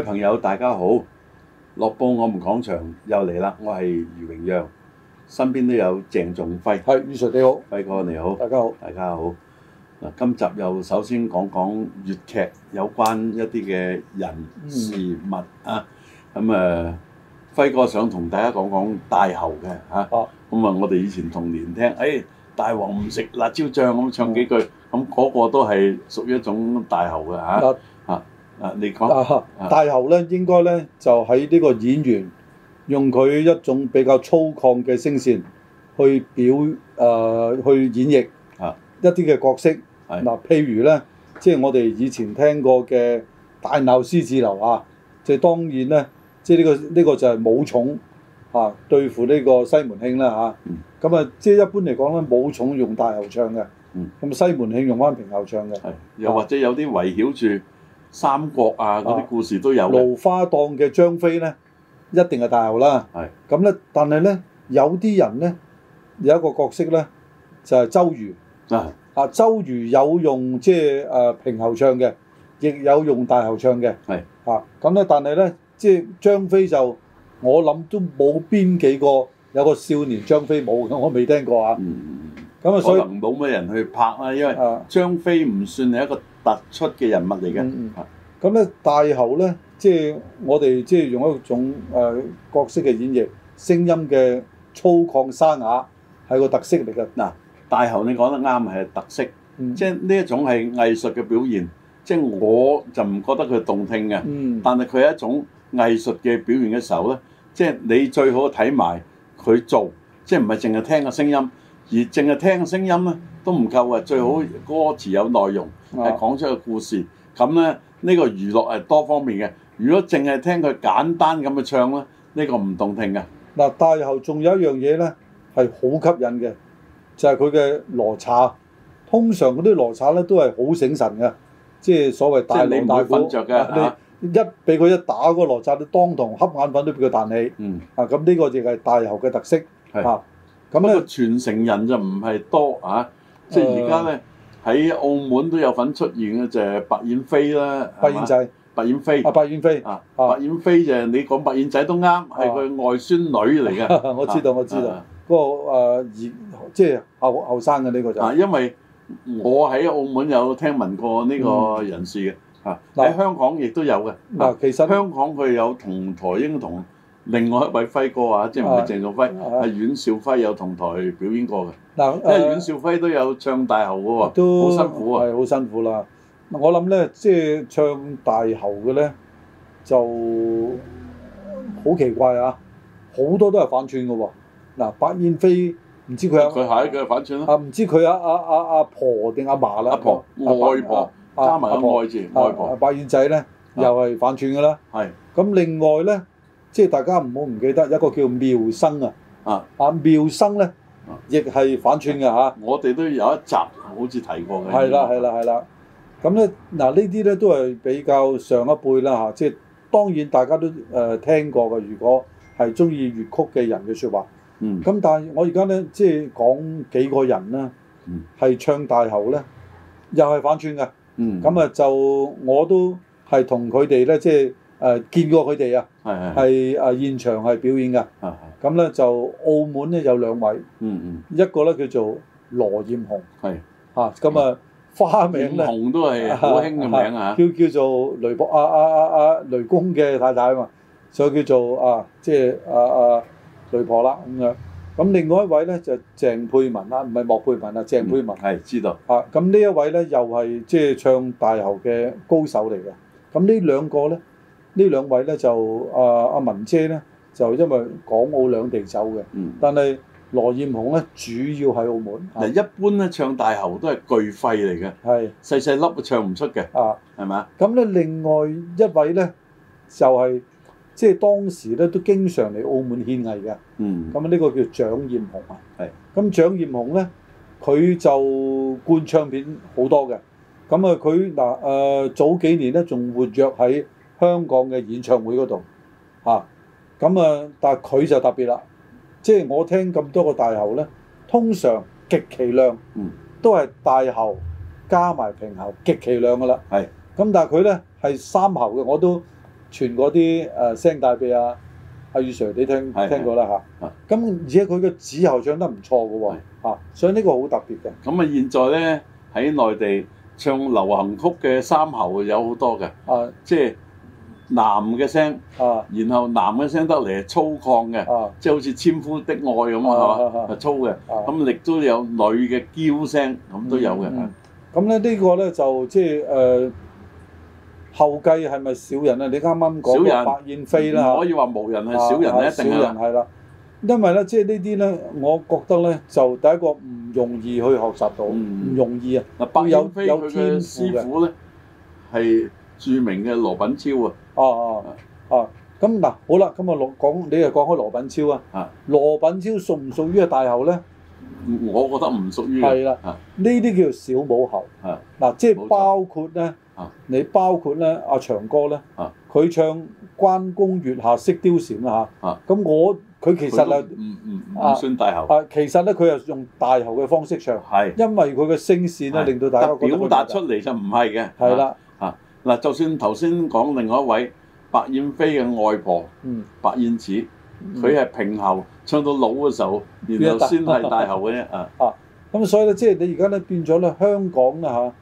各位朋友，大家好！樂報我們講場又嚟啦，我係余榮陽，身邊都有鄭仲輝。係，余叔你好，輝哥你好，大家好，大家好。嗱，今集又首先講講粵劇有關一啲嘅人事物、嗯、啊。咁、嗯、誒，輝哥想同大家講講大喉嘅嚇。咁啊，啊我哋以前童年聽，誒、哎、大王唔食辣椒醬，咁唱幾句，咁、嗯、嗰、那個都係屬於一種大喉嘅嚇。啊。啊，你講大喉咧，應該咧就喺呢個演員用佢一種比較粗獷嘅聲線去表誒、呃、去演繹啊一啲嘅角色。嗱，譬如咧，即係我哋以前聽過嘅《大鬧獅子樓》啊，即係當然咧，即係呢個呢個就係武松嚇對付呢個西門慶啦嚇。咁啊，嗯、即係一般嚟講咧，武松用大喉唱嘅，咁、嗯、西門慶用翻平喉唱嘅。又或者有啲圍繞住。三國啊，嗰啲故事都有的啊。蘆花蕩嘅張飛咧，一定係大喉啦。係。咁咧，但係咧，有啲人咧，有一個角色咧，就係、是、周瑜。啊。啊，周瑜有用即係誒平喉唱嘅，亦有用大喉唱嘅。係。啊，咁咧，但係咧，即係張飛，就，我諗都冇邊幾個有個少年張飛冇，我未聽過啊。咁、嗯、啊，所以冇咩人去拍啊，因為張飛唔算係一個。突出嘅人物嚟嘅，咁、嗯、咧大喉咧，即係我哋即係用一種誒、呃、角色嘅演繹，聲音嘅粗獷沙啞，係個特色嚟嘅。嗱、啊，大喉你講得啱，係特色，即係呢一種係藝術嘅表現，即係我就唔覺得佢動聽嘅、嗯，但係佢係一種藝術嘅表現嘅時候咧，即係你最好睇埋佢做，即係唔係淨係聽個聲音，而淨係聽聲音咧，都唔夠啊！最好歌詞有內容，係、嗯、講出個故事。咁、啊、咧呢、呢個娛樂係多方面嘅。如果淨係聽佢簡單咁去唱咧，呢、呢個唔動聽嘅。嗱、啊，大喉仲有一樣嘢咧係好吸引嘅，就係佢嘅羅剎。通常嗰啲羅剎咧都係好醒神嘅，即係所謂大鑼大鼓。啊、一俾佢一打嗰個羅剎，你、啊、當堂瞌眼瞓都俾佢彈起。嗯。啊，咁呢個就係大喉嘅特色。係。咁啊，傳承人就唔係多啊。即係而家咧喺澳門都有份出現嘅就係白燕飛啦，白燕仔、白燕飛啊，白燕飛啊，白燕飛就係、是、你講白燕仔都啱，係、啊、佢外孫女嚟嘅，我知道、啊、我知道，嗰個誒即係後後生嘅呢個就係啊、因為我喺澳門有聽聞過呢個人士嘅嚇，喺、嗯、香港亦都有嘅嗱、啊，其實香港佢有同台英同。另外一位輝哥啊，即係唔係鄭少輝？係阮兆輝有同台表演過嘅。嗱、啊，因為阮兆輝都有唱大喉嘅喎，好、啊、辛苦啊，係好辛苦啦、啊啊。我諗咧，即、就、係、是、唱大喉嘅咧，就好奇怪啊！好多都係反串嘅喎。嗱、啊，白燕飛唔知佢有佢係佢係反串啊，唔、啊啊、知佢阿阿阿阿婆定阿嫲啦？阿、啊啊、婆、外、啊啊啊、婆加埋阿婆字，外婆。啊啊啊啊啊啊、白燕仔咧、啊，又係反串嘅啦。係。咁、啊、另外咧？即係大家唔好唔記得一個叫妙生啊！啊啊妙生咧，亦、啊、係反串嘅嚇。我哋都有一集好似提過嘅。係啦係啦係啦。咁咧嗱，呢啲咧都係比較上一輩啦嚇。即係當然大家都誒、呃、聽過嘅。如果係中意粵曲嘅人嘅說話，嗯，咁但係我而家咧即係講幾個人啦，嗯，係唱大喉咧，又係反串嘅，嗯，咁啊、嗯、就我都係同佢哋咧即係誒見過佢哋啊。係，係啊！現場係表演噶，咁咧就澳門咧有兩位，一個咧叫做羅燕紅，係嚇，咁啊花名咧，燕紅都係好興嘅名啊，叫叫做雷婆啊啊啊啊雷公嘅太太啊嘛，所以叫做啊即係啊啊雷婆啦咁樣。咁另外一位咧就鄭佩文啦，唔係莫佩文啊，鄭佩文係知道啊。咁呢一位咧又係即係唱大喉嘅高手嚟嘅。咁呢兩個咧。呢兩位咧就啊啊文姐咧就因為港澳兩地走嘅，但係羅燕紅咧主要喺澳門。嗱，一般咧唱大喉都係巨肺嚟嘅，細細粒都唱唔出嘅，係咪啊？咁咧另外一位咧就係即係當時咧都經常嚟澳門獻藝嘅。咁啊呢個叫蔣燕紅啊。係。咁蔣燕紅咧佢就灌唱片好多嘅，咁啊佢嗱誒早幾年咧仲活躍喺。香港嘅演唱會嗰度嚇，咁啊，但係佢就特別啦，即係我聽咁多個大喉咧，通常極其量，嗯，都係大喉加埋平喉極其量噶啦，係。咁但係佢咧係三喉嘅，我都傳嗰啲誒聲帶俾阿阿雨 Sir，你聽聽過啦嚇。咁、啊啊、而且佢嘅子喉唱得唔錯嘅喎、啊，所以呢個好特別嘅。咁啊，現在咧喺內地唱流行曲嘅三喉有好多嘅，啊，即係。男嘅聲、啊，然後男嘅聲得嚟係粗獷嘅、啊，即係好似纖夫的愛咁啊，係嘛粗嘅，咁、啊、亦、啊、都有女嘅嬌聲，咁、嗯、都有嘅。咁、嗯、咧、嗯、呢個咧就即係誒後繼係咪少人啊？你啱啱講白燕飛啦、啊，可以話無人係少、啊、人一定人係啦，因為咧即係呢啲咧、就是，我覺得咧就第一個唔容易去學習到，唔、嗯、容易啊。嗱，白燕飛佢嘅師傅咧係著名嘅羅品超啊。哦、啊，啊啊！咁嗱，好啦，咁啊羅講，你又講開羅品超啊？羅品超屬唔屬於係大喉咧？我覺得唔屬於。係啦。呢、啊、啲叫小武喉。係、啊。嗱、啊，即係包括咧、啊，你包括咧，阿、啊、長哥咧，佢、啊、唱《關公月下識貂蟬》啦嚇。啊。咁我佢其實啊，唔算大喉、啊。啊，其實咧，佢係用大喉嘅方式唱。係。因為佢嘅聲線咧，令到大家表達出嚟就唔係嘅。係啦。啊嗱，就算頭先講另外一位白燕飛嘅外婆，白燕子，佢係平喉唱到老嘅時候，然後先係大喉嘅啫。啊啊，咁所以咧，即係你而家咧變咗咧，香港咧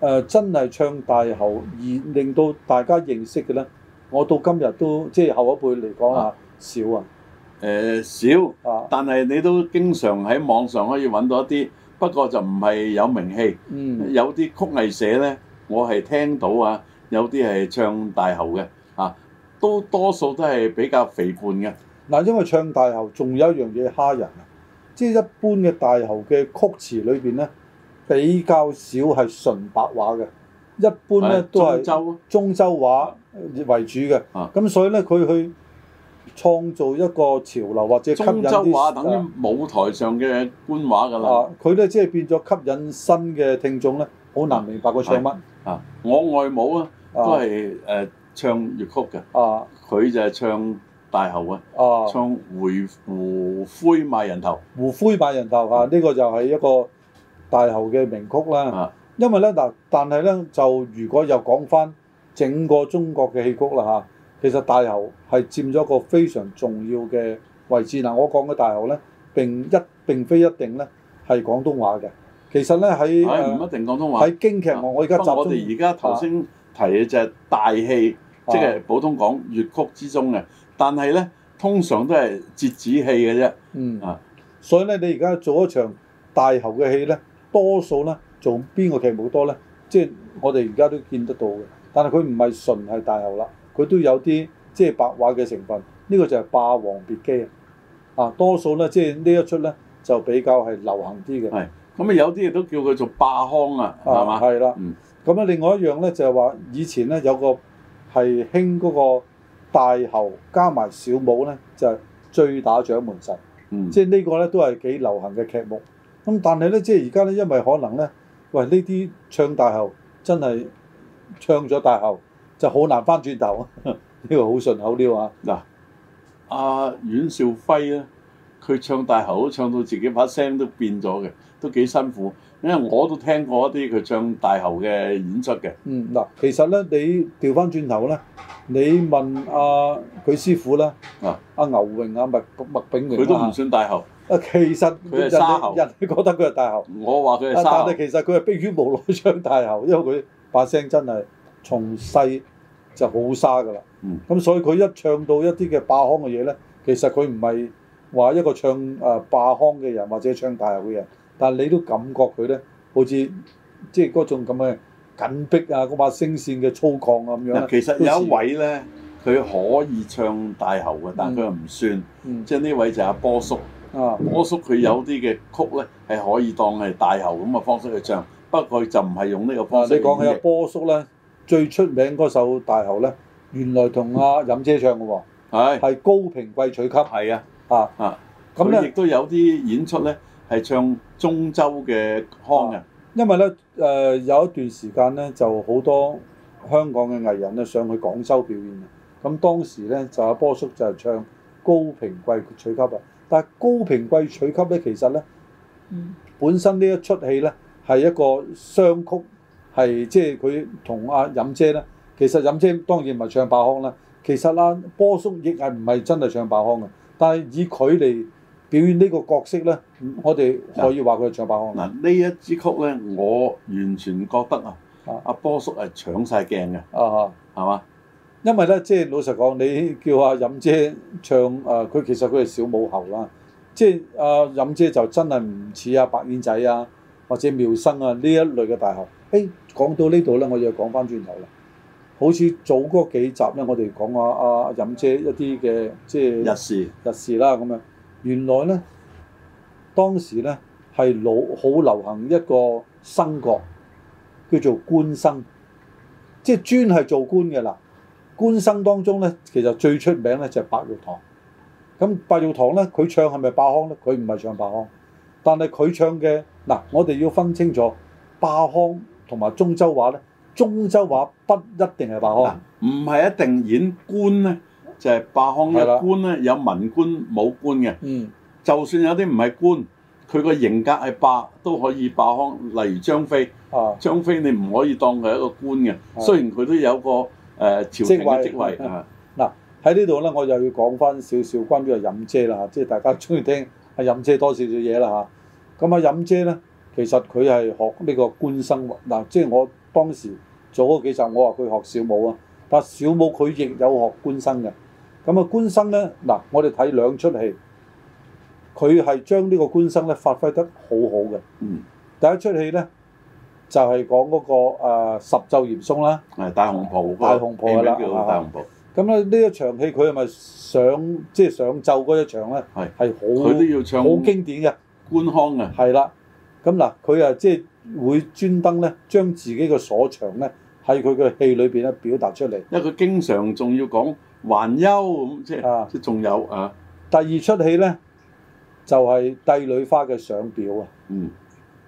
嚇，誒真係唱大喉而令到大家認識嘅咧，我到今日都即係後一輩嚟講嚇少啊。誒少，但係你都經常喺網上可以揾到一啲，不過就唔係有名氣，有啲曲藝社咧。我係聽到啊，有啲係唱大喉嘅，嚇、啊、都多數都係比較肥胖嘅。嗱，因為唱大喉仲有一樣嘢蝦人啊，即、就、係、是、一般嘅大喉嘅曲詞裏邊咧，比較少係純白話嘅，一般咧都係中州啊，中州話為主嘅。咁、啊、所以咧佢去創造一個潮流或者吸引啲啊，中州話等於舞台上嘅官話㗎啦。佢咧即係變咗吸引新嘅聽眾咧，好難明白佢、啊、唱乜。我外母啊，都係誒唱粵曲嘅。啊，佢、啊、就係唱大喉啊，唱胡《胡奎賣人頭》。胡奎賣人頭啊，呢、這個就係一個大喉嘅名曲啦、啊。啊，因為咧嗱，但係咧就如果又講翻整個中國嘅戲曲啦嚇、啊，其實大喉係佔咗一個非常重要嘅位置嗱。我講嘅大喉咧，並一並非一定咧係廣東話嘅。其實咧喺唔一定廣東話，喺京劇、啊、我而家集中。我哋而家頭先提嘅就係大戲，啊、即係普通講粵曲之中嘅、啊。但係咧，通常都係折子戲嘅啫。嗯啊，所以咧，你而家做一場大喉嘅戲咧，多數咧做邊個劇目多咧？即係我哋而家都見得到嘅。但係佢唔係純係大喉啦，佢都有啲即係白話嘅成分。呢個就係《霸王別姬》啊！多數咧，即係呢一出咧就比較係流行啲嘅。係。咁啊，有啲嘢都叫佢做霸腔啊，係嘛？係啦。咁啊，嗯、另外一樣咧就係話，以前咧有個係興嗰個大喉加埋小武咧，就係、追打掌門神。即、嗯、係、這個、呢個咧都係幾流行嘅劇目。咁但係咧，即係而家咧，因為可能咧，喂呢啲唱大喉真係唱咗大喉就好難翻轉頭呵呵、這個、啊！呢個好順口啲啊。嗱、啊，阿阮兆輝咧、啊。佢唱大喉都唱到自己把聲都變咗嘅，都幾辛苦。因為我都聽過一啲佢唱大喉嘅演出嘅。嗯，嗱，其實咧，你調翻轉頭咧，你問阿佢師傅咧，啊，阿牛榮、阿麥麥炳榮，佢都唔算大喉。啊，其實人哋人哋覺得佢係大喉，我話佢係沙喉。但係其實佢係迫於無奈唱大喉，因為佢把聲真係從細就好沙㗎啦。嗯。咁所以佢一唱到一啲嘅霸腔嘅嘢咧，其實佢唔係。話一個唱啊霸腔嘅人或者唱大喉嘅人，但係你都感覺佢咧，好似即係嗰種咁嘅緊迫啊，嗰把聲線嘅粗獷啊咁樣。其實有一位咧，佢、嗯、可以唱大喉嘅，但佢又唔算，嗯嗯、即係呢位就係阿波叔。啊，波叔佢有啲嘅曲咧係可以當係大喉咁嘅方式去唱，不過佢就唔係用呢個方式、嗯。你講起阿波叔咧，最出名嗰首大喉咧，原來同阿任姐唱嘅喎，係高平貴取級。係啊。啊啊！佢亦都有啲演出咧，係唱中州嘅腔嘅。因為咧，誒、呃、有一段時間咧，就好多香港嘅藝人咧上去廣州表演。咁當時咧就阿、啊、波叔就係唱高平貴取級啊。但係高平貴取級咧，其實咧，本身呢一出戲咧係一個雙曲，係即係佢同阿飲姐咧。其實飲姐當然唔係唱爆腔啦。其實啦，波叔亦係唔係真係唱爆腔嘅。但係以佢嚟表演呢個角色咧，我哋可以話佢係唱白鶯。嗱、啊、呢一支曲咧，我完全覺得啊，阿、啊啊、波叔係搶晒鏡嘅。啊，係嘛？因為咧，即、就、係、是、老實講，你叫阿任姐唱誒，佢、呃、其實佢係小母後啦。即係阿任姐就真係唔似阿白面仔啊，或者妙生啊呢一類嘅大喉。誒、欸，講到這裡呢度咧，我要講翻轉頭啦。好似早嗰幾集咧，啊，我哋講阿阿任姐一啲嘅即係日事日事啦咁樣。原來咧，當時咧係老好流行一個生角，叫做官生，即係專係做官嘅啦。官生當中咧，其實最出名咧就係白玉堂。咁白玉堂咧，佢唱係咪霸腔呢咧？佢唔係唱霸腔，但，但係佢唱嘅嗱，我哋要分清楚霸腔同埋中州話咧。中州話不一定係霸腔，唔、啊、係一定演官咧，就係、是、霸腔一官咧，有文官、武官嘅。嗯，就算有啲唔係官，佢個型格係霸都可以霸腔。例如張飛，啊、張飛你唔可以當佢一個官嘅，雖然佢都有個誒、呃、朝廷嘅職位。嗱喺、啊、呢度咧，我又要講翻少少關於阿任姐啦，即係大家中意聽阿任姐多少少嘢啦嚇。咁阿任姐咧，其實佢係學呢個官生活嗱、啊，即係我當時。做嗰幾集，我話佢學小武啊，但小武佢亦有學官生嘅，咁啊官生咧嗱，我哋睇兩出戲，佢係將呢個官生咧發揮得好好嘅。嗯，第一出戲咧就係、係、講嗰、嗰個、啊、十奏嚴嵩啦，大紅袍、嗰個，大紅袍啦，叫大紅袍。咁咧呢一場戲佢係咪上即係、就係、上奏嗰一場咧？係係好，佢都要唱好經典嘅官腔啊。係啦，咁嗱佢啊即係。就係會專登咧，將自己嘅所長咧喺佢嘅戲裏邊咧表達出嚟。因為佢經常仲要講還憂咁，即係即仲有啊。第二出戲咧就係、是《帝女花》嘅上表啊。嗯，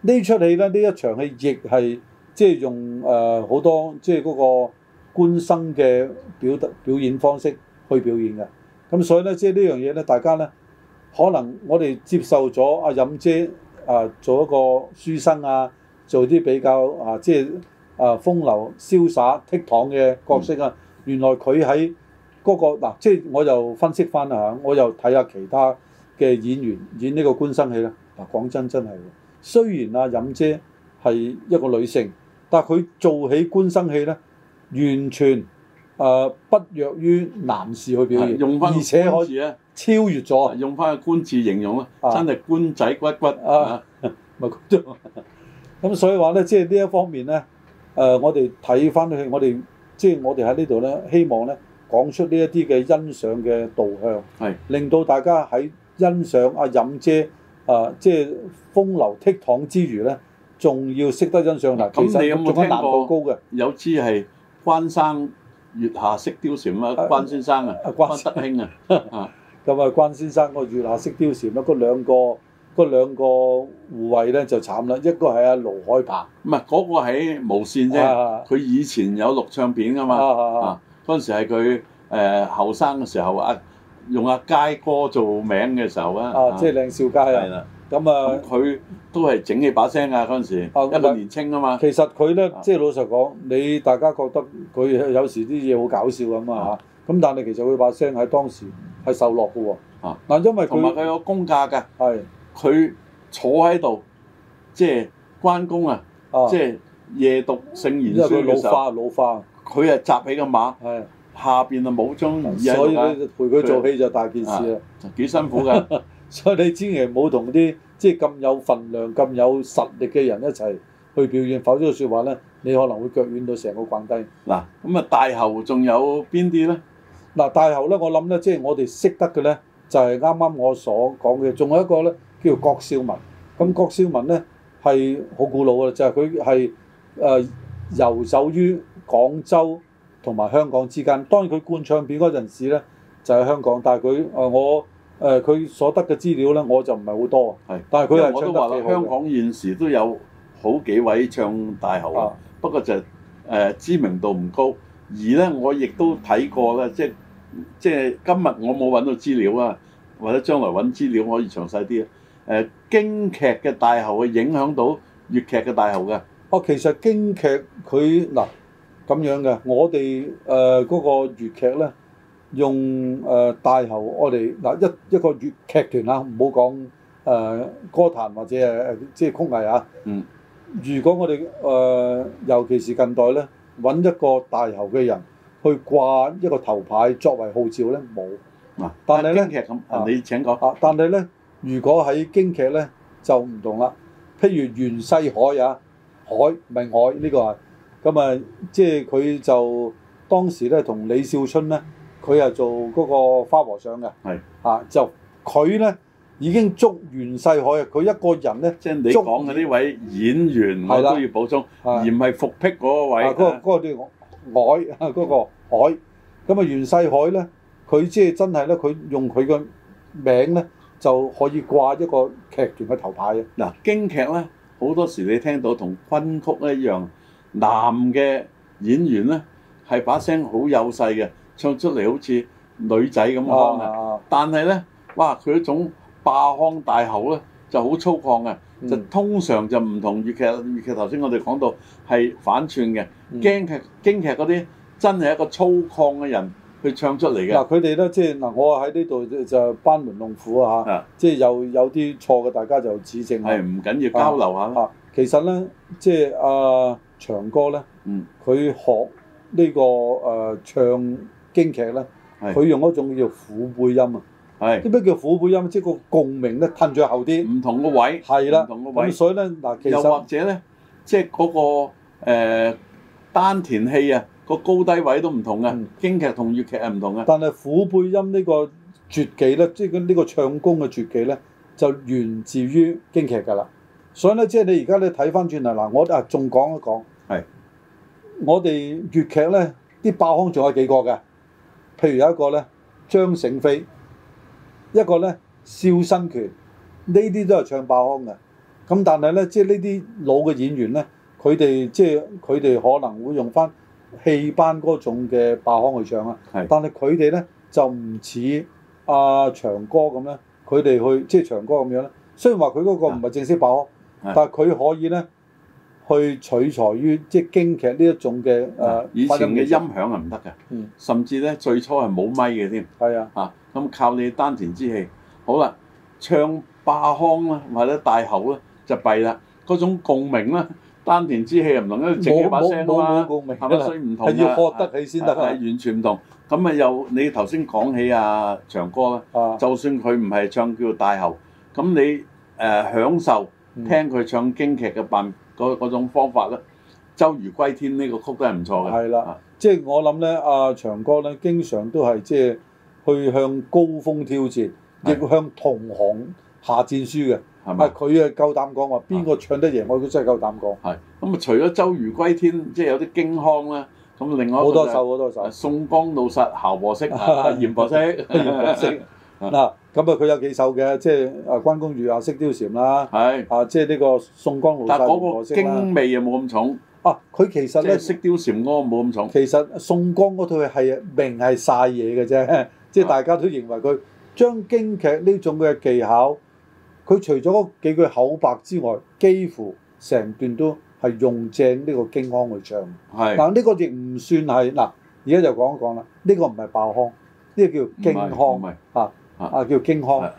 這出戲呢出戲咧，呢一場戲亦係即係用誒好、呃、多即係嗰個官生嘅表得表演方式去表演嘅。咁所以咧，即係呢樣嘢咧，大家咧可能我哋接受咗阿飲姐啊、呃、做一個書生啊。做啲比較啊，即、就、係、是、啊風流瀟灑、倜儻嘅角色啊、嗯，原來佢喺嗰個嗱，即、啊、係、就是、我又分析翻下，我又睇下其他嘅演員演呢個官生戲咧。嗱、啊，講真的真係，雖然阿、啊、飲姐係一個女性，但係佢做起官生戲咧，完全誒、啊、不弱於男士去表現，啊用啊、而且可以超越咗、啊，用翻個官字形容啊，真係官仔骨骨啊！咪、啊啊啊 咁所以話咧，即係呢一方面咧，誒、呃，我哋睇翻去，我哋即係我哋喺呢度咧，希望咧講出呢一啲嘅欣賞嘅導向，係令到大家喺欣賞阿、啊、任姐啊，即係風流倜儻之餘咧，仲要識得欣賞嗱、啊，咁你有冇聽過高嘅，有支係關生月下釋貂蟬啊？關先生啊，關德興啊，咁啊，關，關，啊 關先生個月下釋貂蟬啦，嗰兩個。嗰兩個護衞咧就慘啦，一個係阿盧海鵬，唔係嗰個喺無線啫。佢以前有錄唱片噶嘛。嗰陣時係佢誒後生嘅時候，阿用阿佳哥做名嘅時候咧。啊，即係靚少佳啊。咁啊，佢都係整起把聲啊！嗰陣時，一個年青啊嘛。其實佢咧，即係老實講，你大家覺得佢有時啲嘢好搞笑啊嘛。咁但係其實佢把聲喺當時係受落嘅喎。啊，嗱，因為同埋佢有公價㗎。係。佢坐喺度，即、就、係、是、關公啊！即、就、係、是、夜讀聖賢書、啊、因為佢老化老化，佢啊紮起個馬，下邊啊冇張椅子所以啊，陪佢做戲就大件事啦，幾、啊啊、辛苦㗎！ 所以你千祈唔好同啲即係咁有份量、咁有實力嘅人一齊去表演，否則嘅説話咧，你可能會腳軟到成個掛低。嗱、啊，咁啊大喉仲有邊啲咧？嗱，大喉咧，我諗咧，即係我哋識得嘅咧，就係啱啱我所講嘅，仲有一個咧。叫郭少文，咁郭少文咧係好古老嘅。就係佢係誒遊走於廣州同埋香港之間。當然佢灌唱片嗰陣時咧就喺、係、香港，但係佢誒我誒佢、呃、所得嘅資料咧我就唔係好多。係，但係佢我都話啦，香港現時都有好幾位唱大喉、啊，不過就誒、係呃、知名度唔高。而咧我亦都睇過啦，即係即係今日我冇揾到資料啊，或者將來揾資料可以詳細啲。誒京劇嘅大喉去影響到粵劇嘅大喉嘅。哦，其實京劇佢嗱咁樣嘅，我哋誒嗰個粵劇咧，用誒、呃、大喉，我哋嗱一一個粵劇團啊，唔好講誒歌壇或者誒即係曲藝啊。嗯。如果我哋誒、呃，尤其是近代咧，揾一個大喉嘅人去掛一個頭牌作為號召咧，冇。嗱，但係咧，京劇咁，你請講。啊，但係咧。如果喺京劇咧就唔同啦，譬如袁世海啊，海唔係凱呢、呢個啊，咁、嗯、啊即係佢就當時咧同李少春咧，佢係做嗰個花和尚嘅，係啊就佢咧已經捉袁世海啊，佢一個人咧即係你講嘅呢位演員，是我都要補充，是而唔係復辟嗰位。嗰、啊啊啊嗰個叫、嗰個海嗰個海，咁、那、啊、個嗯嗯、袁世海咧，佢即係真係咧，佢用佢嘅名咧，就可以掛一個劇團嘅頭牌嘅、啊。嗱、啊，京劇咧，好多時你聽到同昆曲一樣，男嘅演員咧係把聲好幼細嘅，唱出嚟好似女仔咁樣、啊、但係咧，哇！佢一種霸腔大喉咧就好粗獷嘅、嗯，就通常就唔同粵劇。粵劇頭先我哋講到係反串嘅、嗯，京劇京劇嗰啲真係一個粗獷嘅人。佢唱出嚟嘅嗱，佢哋咧即係嗱，我喺呢度就班門弄斧啊嚇、啊，即係有有啲錯嘅，大家就指正啊。係，唔緊要，交流下啦。其實咧，即係阿、啊、長哥咧，嗯，佢學、這個呃、呢個誒唱京劇咧，佢用一種叫虎背音啊。係。點叫虎背音？即係個共鳴咧，褪咗後啲。唔同嘅位。係啦。唔同嘅位。所以咧，嗱、啊，其實或者咧，即係嗰、那個、呃、丹田氣啊。個高低位都唔同嘅，京劇同粵劇係唔同嘅，嗯。但係虎背音呢個絕技咧，即係咁呢個唱功嘅絕技咧，就源自於京劇㗎啦。所以咧，即係你而家你睇翻轉頭嗱，我啊仲講一講。係，我哋粵劇咧啲爆腔仲有幾個嘅，譬如有一個咧張醒飛，一個咧蕭新權，呢啲都係唱爆腔嘅。咁但係咧，即係呢啲老嘅演員咧，佢哋即係佢哋可能會用翻。戲班嗰種嘅霸腔去唱啦，但係佢哋咧就唔似阿長哥咁咧，佢哋去即係長哥咁樣咧。雖然話佢嗰個唔係正式霸腔，的但係佢可以咧去取材於即係京劇呢一種嘅誒、啊，以前嘅音響係唔得嘅，嗯、甚至咧最初係冇咪嘅添。係啊，嚇，咁靠你丹田之氣。好啦，唱霸腔啦，或者大口啦，就弊啦，嗰種共鳴啦。丹田之氣又唔同，因為直接把聲啦，所以唔同啊！係要學得起先得啊！係完全唔同。咁啊又，你頭先講起阿、啊、長哥啦、啊，就算佢唔係唱叫大喉，咁你誒、呃、享受聽佢唱京劇嘅扮嗰嗰種方法咧，嗯，《周瑜歸天》呢個曲都係唔錯嘅。係啦、啊，即係我諗咧，阿、啊、長哥咧，經常都係即係去向高峰挑戰，亦、啊、向同行，下戰書嘅，係嘛？佢啊夠膽講話，邊個唱得贏我？都真係夠膽講。係咁啊！除咗周瑜歸天，即係有啲京腔啦。咁好、就係、多首好多首。宋江怒殺閻婆惜 啊，閻婆惜，閻婆惜嗱。咁啊，佢有幾首嘅，即係啊關公遇阿釋貂蟬啦。係啊，即係呢個宋江怒殺。但係嗰個京味啊，冇咁重。啊，佢其實咧，釋貂蟬嗰個冇咁重。其實宋江嗰套係明係晒嘢嘅啫，即 係大家都認為佢將京劇呢種嘅技巧。佢除咗嗰幾句口白之外，幾乎成段都係用正呢個京腔去唱。係嗱，呢個亦唔算係嗱，而家就講一講啦。呢個唔係爆腔，呢個叫京腔啊啊，叫京腔啊。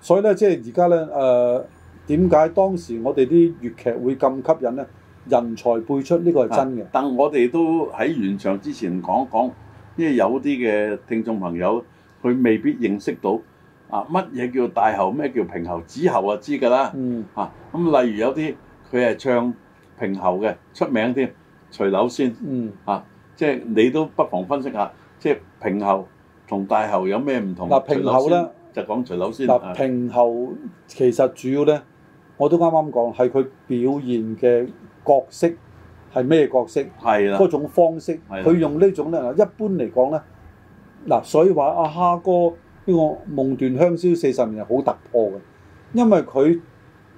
所以咧，即係而家咧，誒點解當時我哋啲粵劇會咁吸引咧？人才輩出，呢個係真嘅。但我哋都喺現場之前講一講，因為有啲嘅聽眾朋友佢未必認識到。啊！乜嘢叫大喉？咩叫平喉？子喉啊，知㗎啦。嗯。啊，咁例如有啲佢係唱平喉嘅，出名添。徐柳仙。嗯。啊，即係你都不妨分析下，即係平喉同大喉有咩唔同？嗱，平喉咧就講徐柳仙。嗱，平喉其實主要咧，我都啱啱講係佢表現嘅角色係咩角色？係啦。嗰種方式，佢用呢種咧，一般嚟講咧，嗱，所以話阿蝦哥。呢、這個夢斷香消四十年係好突破嘅，因為佢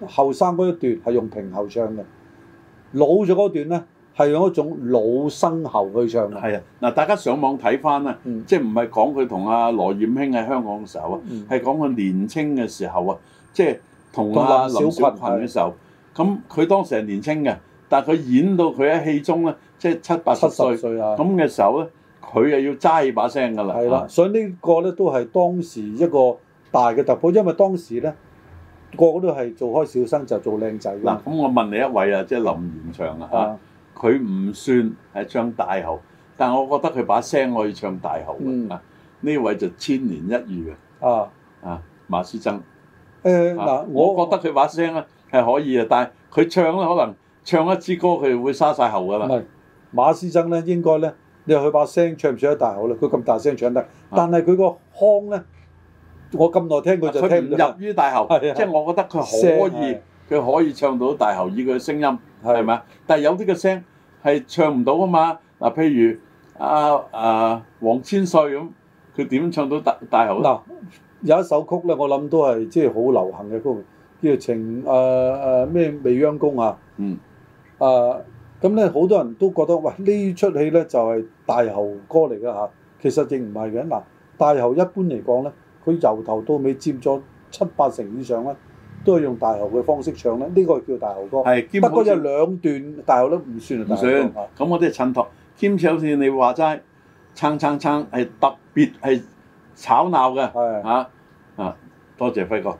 後生嗰一段係用平喉唱嘅，老咗嗰段咧係用一種老生喉去唱嘅。係啊，嗱，大家上網睇返、嗯、啊，即係唔係講佢同阿羅艷卿喺香港嘅時候,、嗯、的時候和啊，係講佢年青嘅時候啊，即係同阿林小群嘅時候。咁、嗯、佢當時係年青嘅，但係佢演到佢喺戲中咧，即係七八十歲咁嘅時候咧。嗯佢又要揸起一把聲噶啦，係啦、啊，所以個呢個咧都係當時一個大嘅突破，因為當時咧個個都係做開小生就做靚仔啦。咁、啊、我問你一位啊，即、就、係、是、林元祥啊，佢、啊、唔算係唱大喉，但係我覺得佢把聲可以唱大喉、嗯、啊。呢位就千年一遇嘅啊啊，啊，馬師曾，誒、啊、嗱、啊啊啊，我覺得佢把聲咧係可以啊，但係佢唱咧可能唱一支歌佢會沙晒喉噶嘛。馬師曾咧應該咧。你佢把聲唱唔唱得大喉咧？佢咁大聲唱得，但係佢個腔咧，我咁耐聽佢就聽唔入於大喉，即係、啊就是、我覺得佢可以，佢、啊、可以唱到大喉耳嘅聲音，係咪啊？但係有啲嘅聲係唱唔到啊嘛。嗱，譬如阿阿黃千歲咁，佢點唱到大大喉咧？嗱，有一首曲咧，我諗都係即係好流行嘅曲。叫《做、呃《情誒誒咩未央宮》啊。嗯。啊、呃！咁咧好多人都覺得喂，呢出戲咧就係大喉歌嚟㗎嚇，其實亦唔係嘅嗱。大喉一般嚟講咧，佢由頭到尾佔咗七八成以上咧，都係用大喉嘅方式唱咧，呢個叫大喉歌。係，不過有兩段大喉都唔算係大喉歌啊。咁我哋係襯托。兼且好似你話齋，撐撐撐係特別係吵鬧嘅。係啊啊！多謝輝哥。